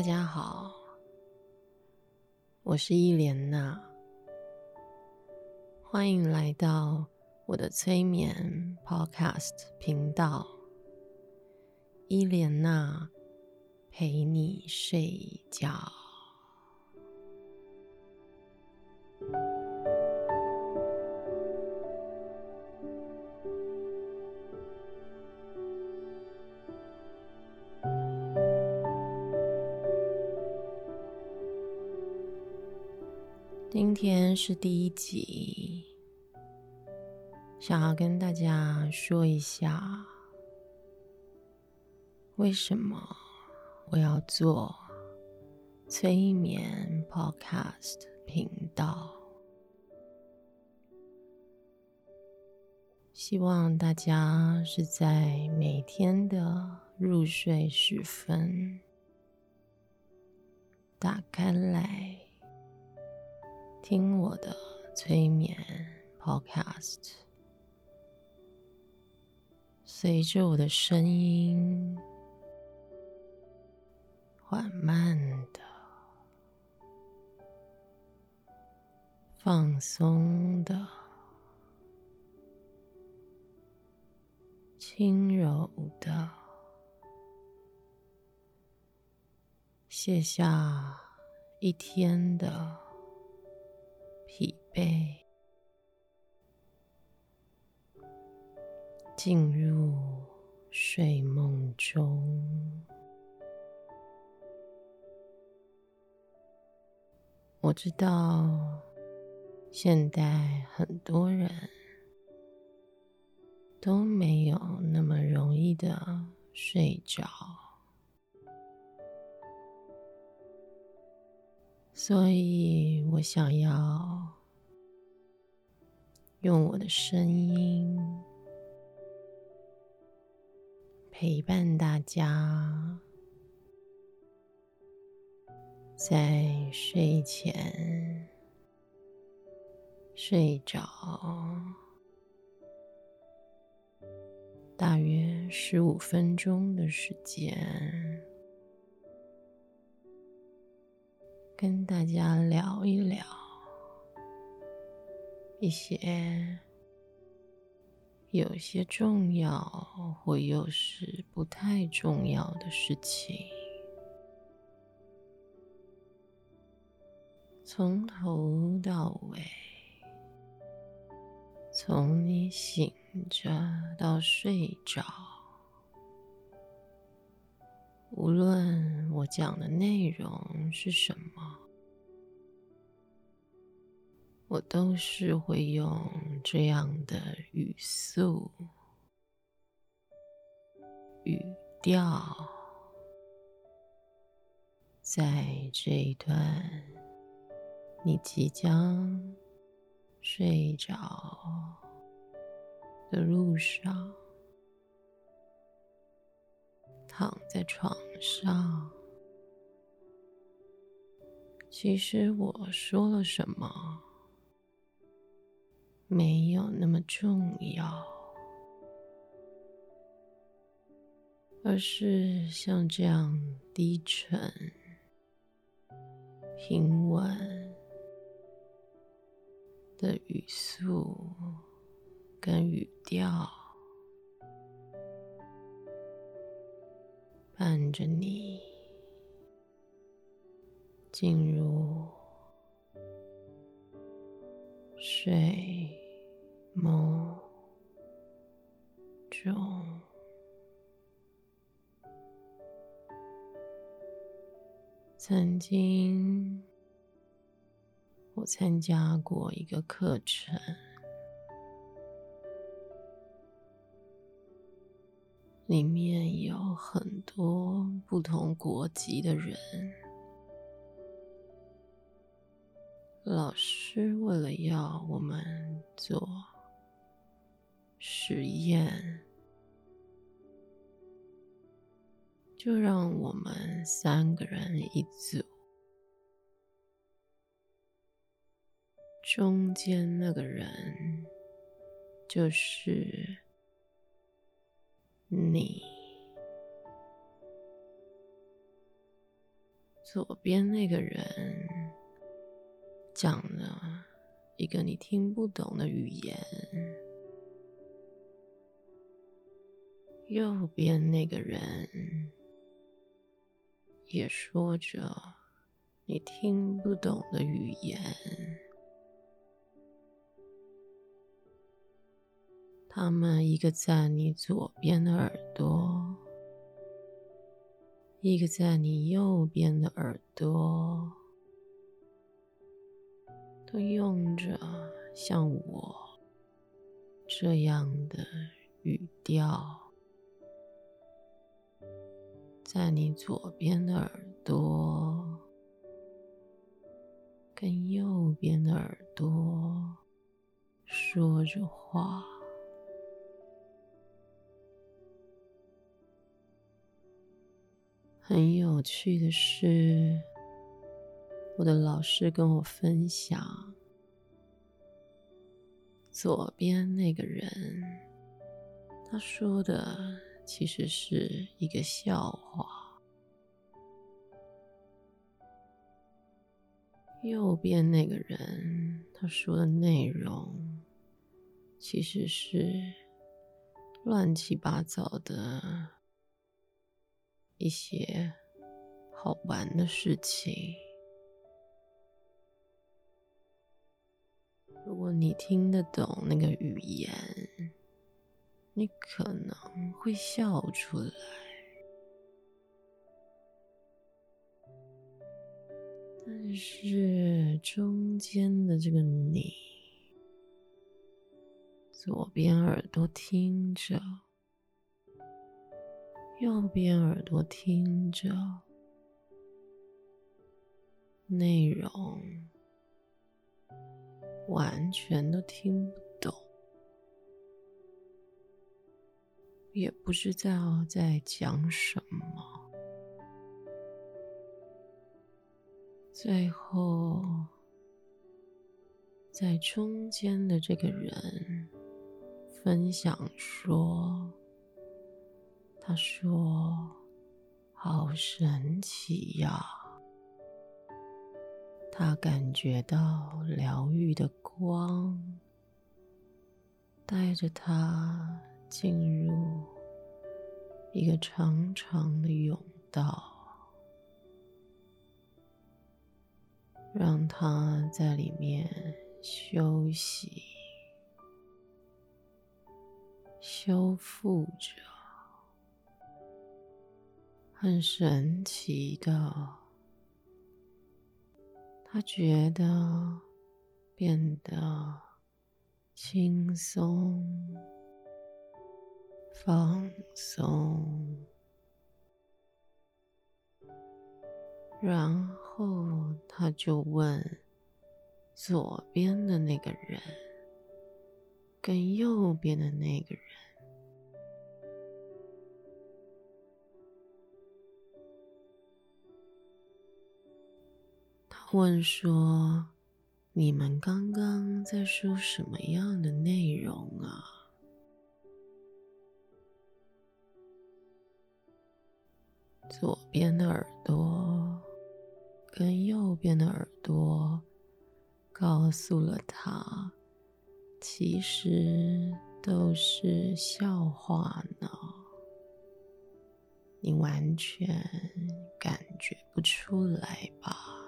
大家好，我是伊蓮娜，歡迎來到我的催眠 Podcast 頻道，伊蓮娜陪你睡覺。今天是第一集，想要跟大家說一下，為什麼我要做催眠 Podcast 頻道。希望大家是在每天的入睡時分打開來。聽我的催眠 podcast，隨着我的聲音，緩慢的、放鬆的、輕柔的，卸下一天的。疲憊，進入睡夢中。我知道，現在很多人都沒有那麼容易的睡着。所以，我想要用我的聲音陪伴大家，在睡前睡着大約十五分鐘的時間。跟大家聊一聊一些有些重要或又是不太重要的事情，從頭到尾，從你醒着到睡着。無論我講的內容是什麼，我都是會用這樣的語速、語調，在這一段你即將睡着的路上。躺在床上，其實我說了什麼沒有那麼重要，而是像這樣低沉平穩的語速跟語調。伴着你進入睡夢中。曾經，我參加過一個課程，裡面。很多不同國籍的人，老師為了要我們做實驗，就讓我們三個人一組，中間那個人就是你。左邊那個人講了一個你聽不懂的語言，右邊那個人也說着你聽不懂的語言，他們一個在你左邊的耳朵，一個在你右邊的耳朵，都用着像我這樣的語調，在你左邊的耳朵跟右邊的耳朵說着話。很有趣的是，我的老師跟我分享，左邊那個人他說的其實是一個笑話，右邊那個人他說的內容其實是亂七八糟的。一些好玩的事情，如果你聽得懂那個語言，你可能會笑出來。但是中間的這個你，左邊耳朵聽着。右邊耳朵聽着，內容完全都聽不懂，也不知道在講什麼。最後，在中間的這個人分享說。他說：“好神奇呀、啊！他感覺到療癒的光，帶着他進入一個長長的甬道，讓他在裡面休息、修復着。”很神奇的，他覺得變得輕鬆、放鬆，然後他就問左邊的那個人跟右邊的那個人。問說：“你們剛剛在說什麼樣的內容啊？”左邊的耳朵跟右邊的耳朵告訴了他，其實都是笑話呢。你完全感覺不出來吧？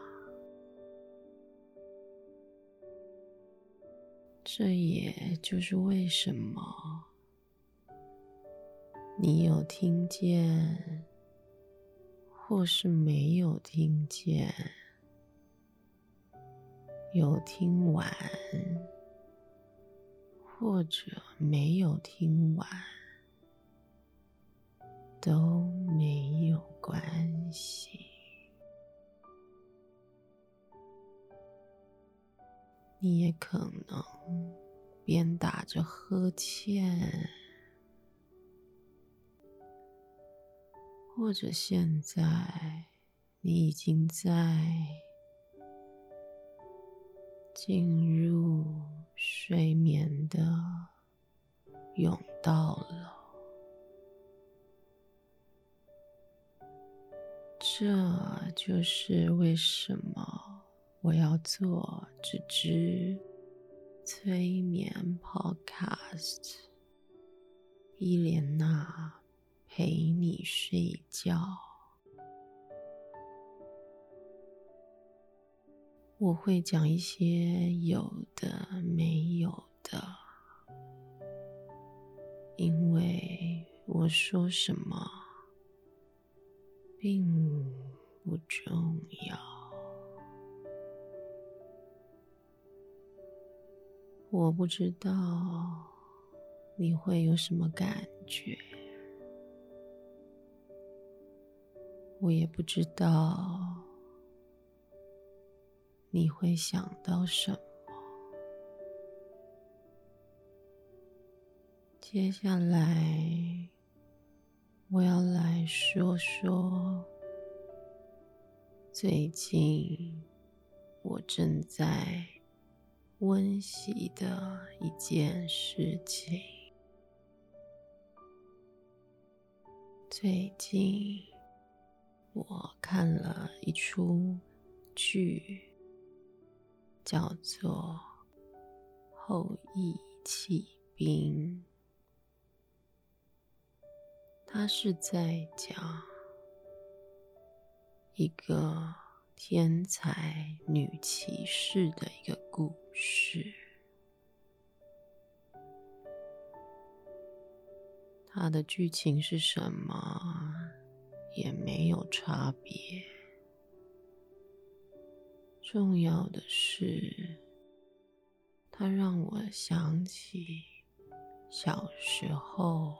這也就是為什麼，你有聽見，或是沒有聽見，有聽完，或者沒有聽完，都沒有關係。你也可能邊打着呵欠，或者現在你已經在進入睡眠的甬道了。這就是為什麼。我要做這支催眠 Podcast，伊蓮娜陪你睡覺。我會講一些有的沒有的，因為我說什麼並不重要。我不知道你會有什麼感覺，我也不知道你會想到什麼。接下來我要來說說最近我正在。溫習的一件事情。最近我看了一出劇，叫做《後翼棄兵》，他是在講一個天才女棋士的一個故。是，它的劇情是什麼也沒有差別。重要的是，它讓我想起小時候，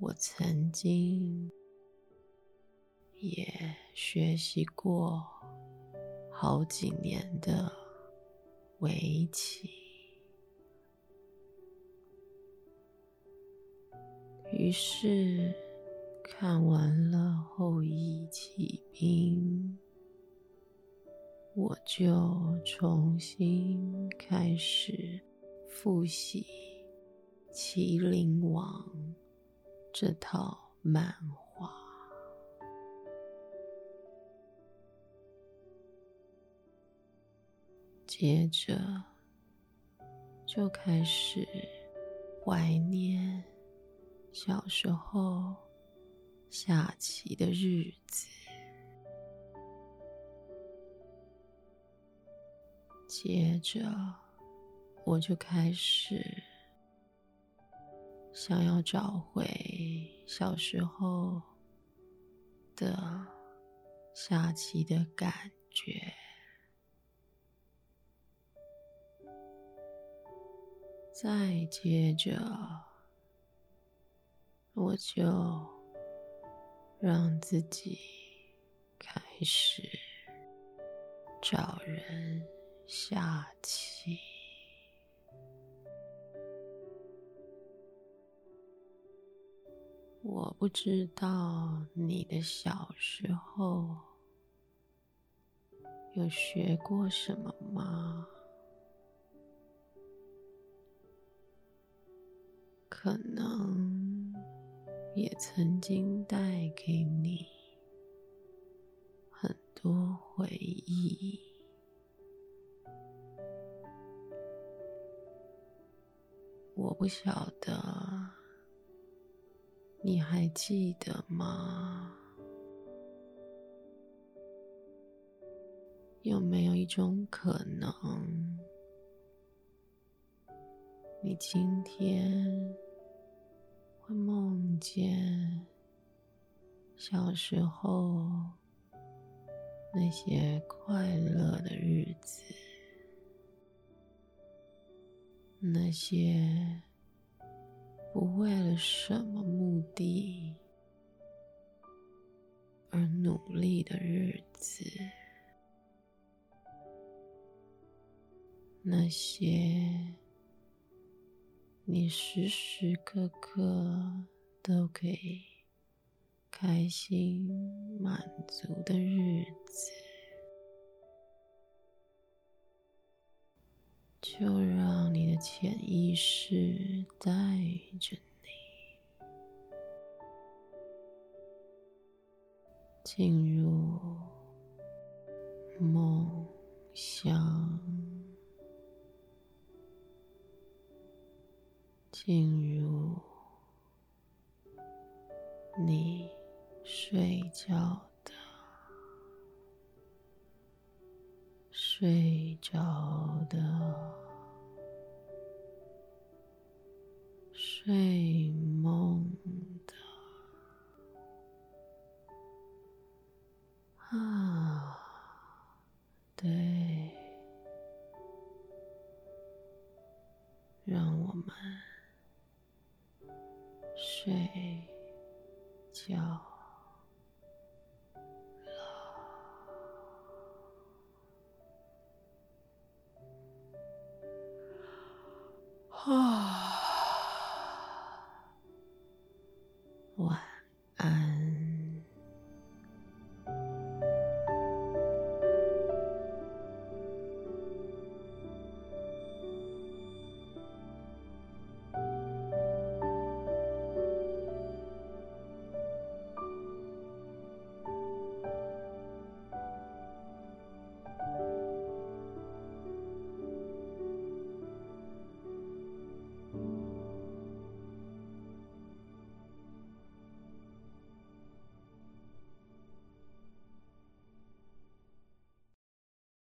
我曾經也學習過好幾年的。.圍棋。於是看完了後羿起兵，我就重新開始複習《麒麟王》這套漫畫。接着就開始懷念小時候下棋的日子。接着我就開始想要找回小時候的下棋的感覺。再接着，我就讓自己開始找人下棋。我不知道你的小時候有學過什麼嗎？可能也曾經帶給你很多回憶，我不曉得你還記得嗎？有沒有一種可能，你今天夢見小時候那些快樂的日子，那些不為了什麼目的而努力的日子，那些。你時時刻刻都給開心滿足的日子，就讓你的潛意識帶着你進入夢鄉。進入你睡覺的、睡着的、睡夢的啊，對，讓我們。睡覺。